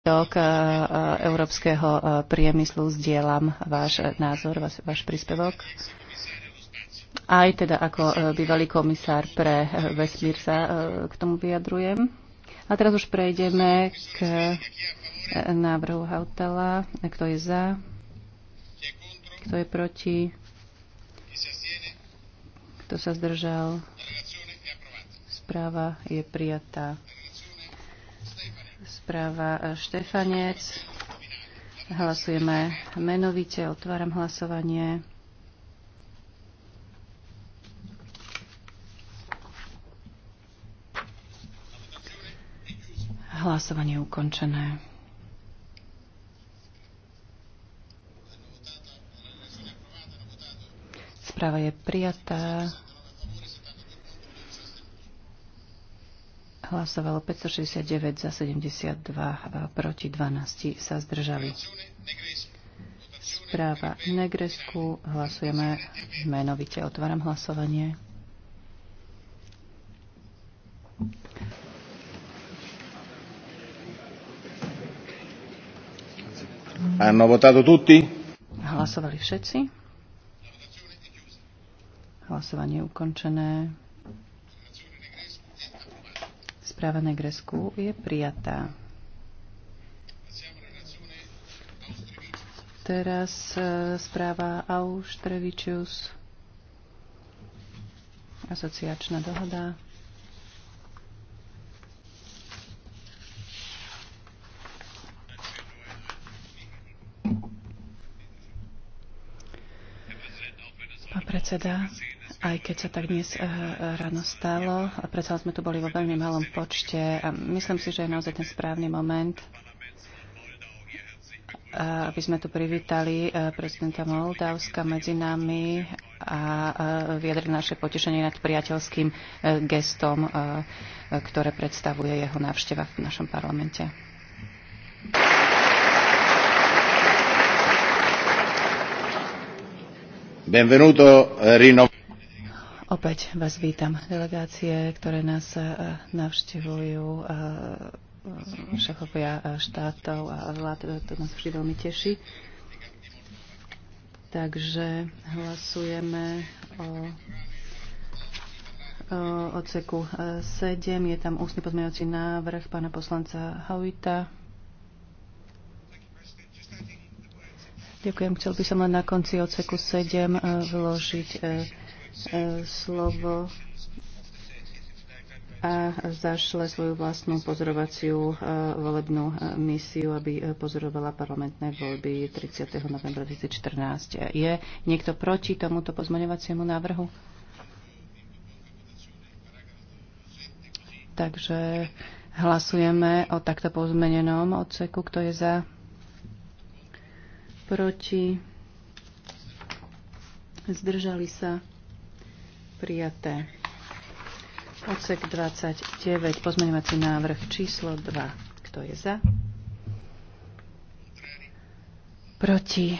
tok e, e, európskeho e, priemyslu. Zdieľam váš názor, váš, váš príspevok. Aj teda ako bývalý komisár pre vesmír sa k tomu vyjadrujem. A teraz už prejdeme k návrhu hautela. Kto je za? Kto je proti? Kto sa zdržal? Správa je prijatá. Správa e, Štefanec. Hlasujeme menovite. Otváram hlasovanie. Hlasovanie je ukončené. Správa je prijatá. hlasovalo 569 za 72, e, proti 12 sa zdržali. Správa Negresku. Hlasujeme menovite. Otváram hlasovanie. Hanno votato tutti? Hlasovali všetci. Hlasovanie je ukončené. Správa na Gresku je prijatá. Teraz e, správa Auštrevičius, asociačná dohoda. Pán predseda, aj keď sa tak dnes eh, ráno stalo, a predsa sme tu boli vo veľmi malom počte a myslím si, že je naozaj ten správny moment, eh, aby sme tu privítali eh, prezidenta Moldavska medzi nami a viedri naše potešenie nad priateľským gestom, ktoré predstavuje jeho návšteva v našom parlamente. Benvenuto, Rino. Opäť vás vítam. Delegácie, ktoré nás e, navštevujú, e, šachovia e, štátov a vlád, to nás vždy veľmi teší. Takže hlasujeme o odseku 7. Je tam ústny pozmeňovací návrh pána poslanca Hauita. Ďakujem. Chcel by som len na konci odseku 7 vložiť Eh, slovo a zašle svoju vlastnú pozorovaciu eh, volebnú eh, misiu, aby pozorovala parlamentné voľby 30. novembra 2014. Je niekto proti tomuto pozmaňovaciemu návrhu? Takže hlasujeme o takto pozmenenom odseku. Kto je za? Proti? Zdržali sa? Prijaté. Odsek 29, pozmeňovací návrh číslo 2. Kto je za? Proti.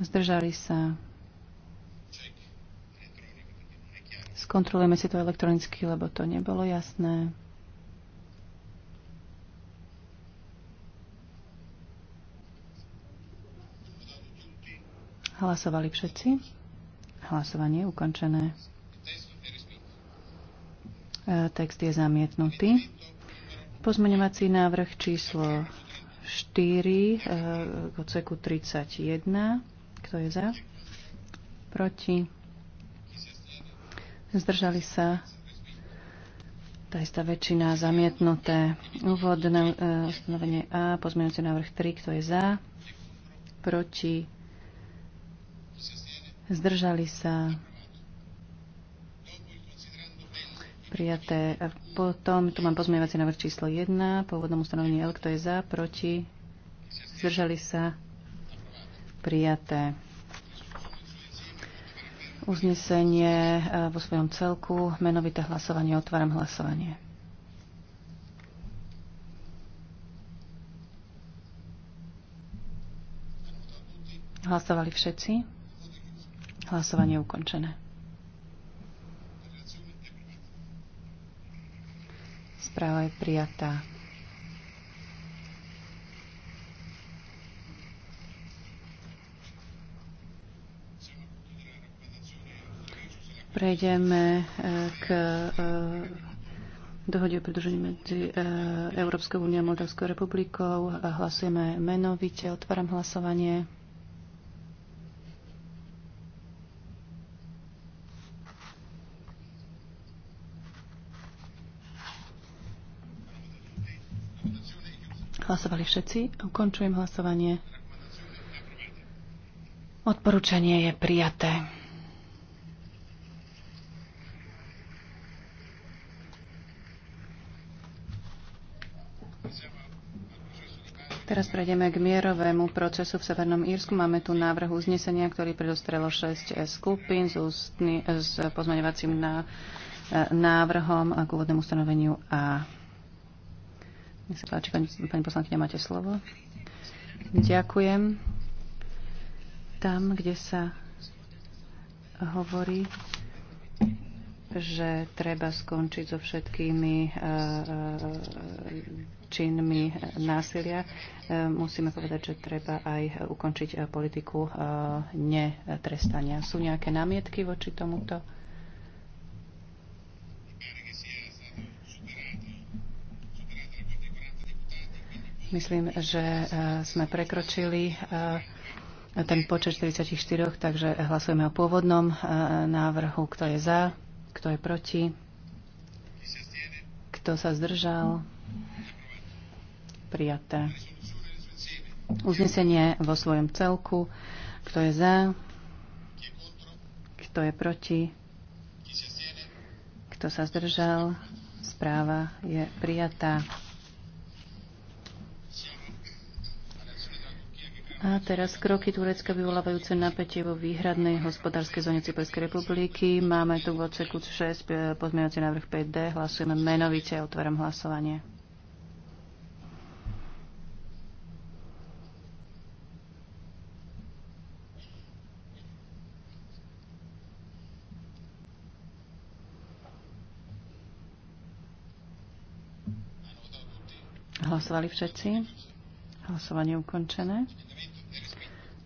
Zdržali sa. Skontrolujeme si to elektronicky, lebo to nebolo jasné. Hlasovali všetci? Hlasovanie je ukončené. E, text je zamietnutý. Pozmeňovací návrh číslo 4 e, k odseku 31. Kto je za? Proti? Zdržali sa? Tá istá väčšina zamietnuté. Úvodné e, ustanovenie A, Pozmeňovací návrh 3, kto je za? Proti? zdržali sa prijaté. A potom tu mám pozmievací návrh číslo 1, pôvodnom ustanovení L, kto je za, proti, zdržali sa prijaté. Uznesenie e, vo svojom celku, menovité hlasovanie, otváram hlasovanie. Hlasovali všetci? Hlasovanie je ukončené. Správa je prijatá. Prejdeme e, k e, dohode o pridružení medzi e, Európskou úniou a Moldavskou republikou. Hlasujeme menovite. Otváram hlasovanie. Hlasovali všetci. Ukončujem hlasovanie. Odporúčanie je prijaté. Teraz prejdeme k mierovému procesu v Severnom Írsku. Máme tu návrh uznesenia, ktorý predostrelo 6 eh, skupín s, ústny, s pozmaňovacím eh, návrhom k úvodnému stanoveniu A. Nech sa páči, pani, pani poslankyňa, máte slovo. Ďakujem. Tam, kde sa hovorí, že treba skončiť so všetkými eh, eh, činmi násilia, eh, musíme povedať, že treba aj ukončiť politiku netrestania. Sú nejaké námietky voči tomuto? Myslím, že e, sme prekročili e, ten počet 44, takže hlasujeme o pôvodnom e, návrhu, kto je za, kto je proti, kto sa zdržal. Prijaté. Uznesenie vo svojom celku. Kto je za? Kto je proti? Kto sa zdržal? Správa je prijatá. A teraz kroky Turecka vyvolávajúce napätie vo výhradnej hospodárskej zóne Cyperskej republiky. Máme tu v odseku 6 e, pozmeňovací návrh 5D. Hlasujeme menovite a otváram hlasovanie. Hlasovali všetci? Hlasovanie ukončené.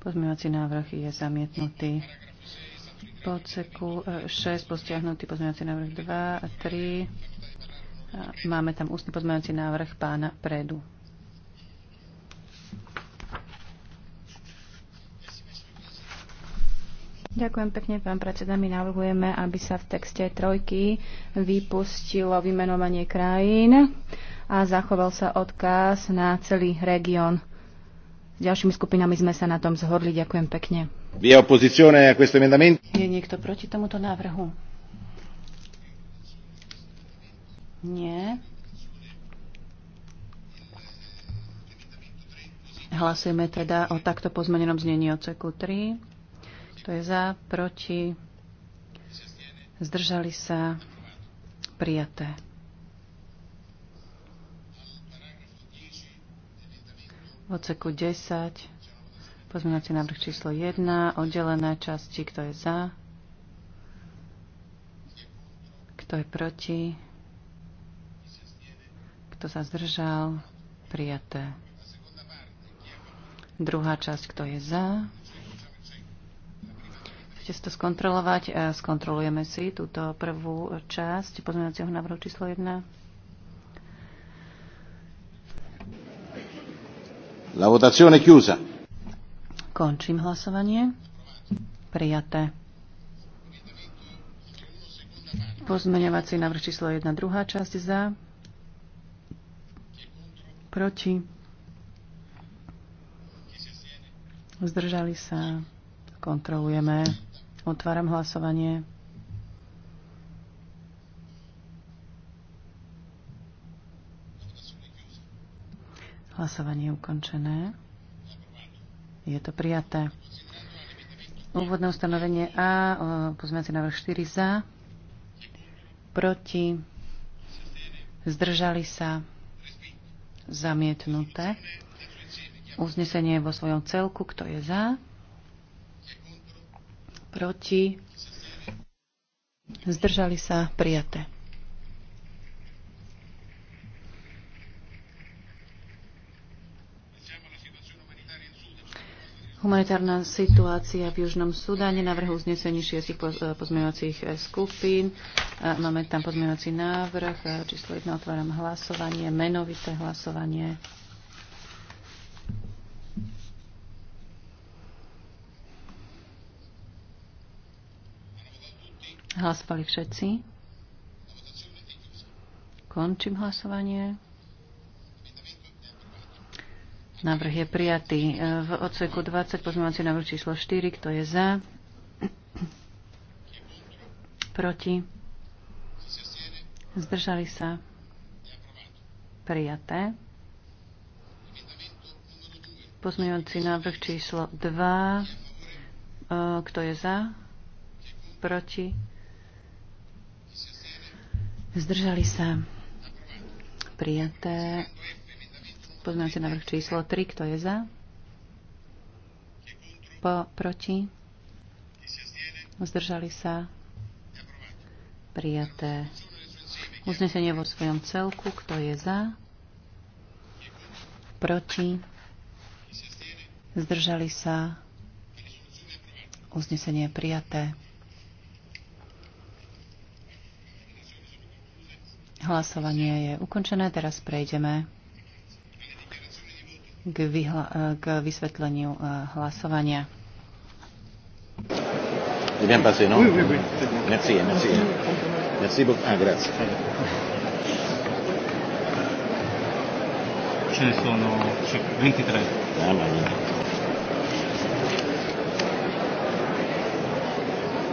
Pozmievací návrh je zamietnutý. Po odseku 6 e, postiahnutý pozmievací návrh 2 a 3. Máme tam ústny pozmievací návrh pána Predu. Ďakujem pekne, pán predseda. My navrhujeme, aby sa v texte trojky vypustilo vymenovanie krajín a zachoval sa odkaz na celý región ďalšími skupinami sme sa na tom zhodli. Ďakujem pekne. Je niekto proti tomuto návrhu? Nie. Hlasujeme teda o takto pozmenenom znení odseku 3. To je za, proti, zdržali sa, prijaté. V odseku 10 pozmeňovací návrh číslo 1, oddelené časti, kto je za, kto je proti, kto sa zdržal, prijaté. Druhá časť, kto je za. Chcete si to skontrolovať? E, skontrolujeme si túto prvú časť pozmeňovacieho návrhu číslo 1. La votazione chiusa. Končím hlasovanie. Prijaté. Pozmeňovací návrh číslo 1, druhá časť za. Proti. Zdržali sa. Kontrolujeme. Otváram hlasovanie. Hlasovanie ukončené. Je to prijaté. Úvodné ustanovenie A, pozmeňací návrh 4 za, proti, zdržali sa, zamietnuté. Uznesenie vo svojom celku, kto je za, proti, zdržali sa, prijaté. Humanitárna situácia v Južnom Sudáne, navrhu uznesení šiestich eh, pozmeňovacích eh, skupín. Eh, máme tam pozmeňovací návrh, číslo 1, otváram hlasovanie, menovité hlasovanie. Hlasovali všetci. Končím hlasovanie. Návrh je prijatý. V odseku 20 pozmávací návrh číslo 4. Kto je za? Proti? Zdržali sa? Prijaté. Pozmeňovací návrh číslo 2. E, kto je za? Proti? Zdržali sa? Prijaté. Pozmeňujúci návrh číslo 3. Kto je za? Po, proti? Zdržali sa? Prijaté. Uznesenie vo svojom celku. Kto je za? Proti? Zdržali sa? Uznesenie je prijaté. Hlasovanie je ukončené. Teraz prejdeme k, e, k vysvetleniu e, hlasovania. C'est bien no? Merci, merci. Merci beaucoup. Ah, grazie. Ce ne sono 23. Ah,